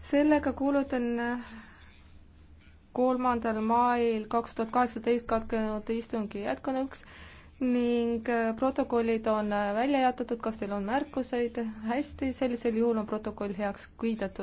sellega kuulutan äh, kolmandal mail kaks tuhat kaheksateist katkenud istungi jätkunuks ning äh, protokollid on äh, välja jätatud, kas teil on märkuseid? hästi, sellisel juhul on protokoll heaks kiidetud.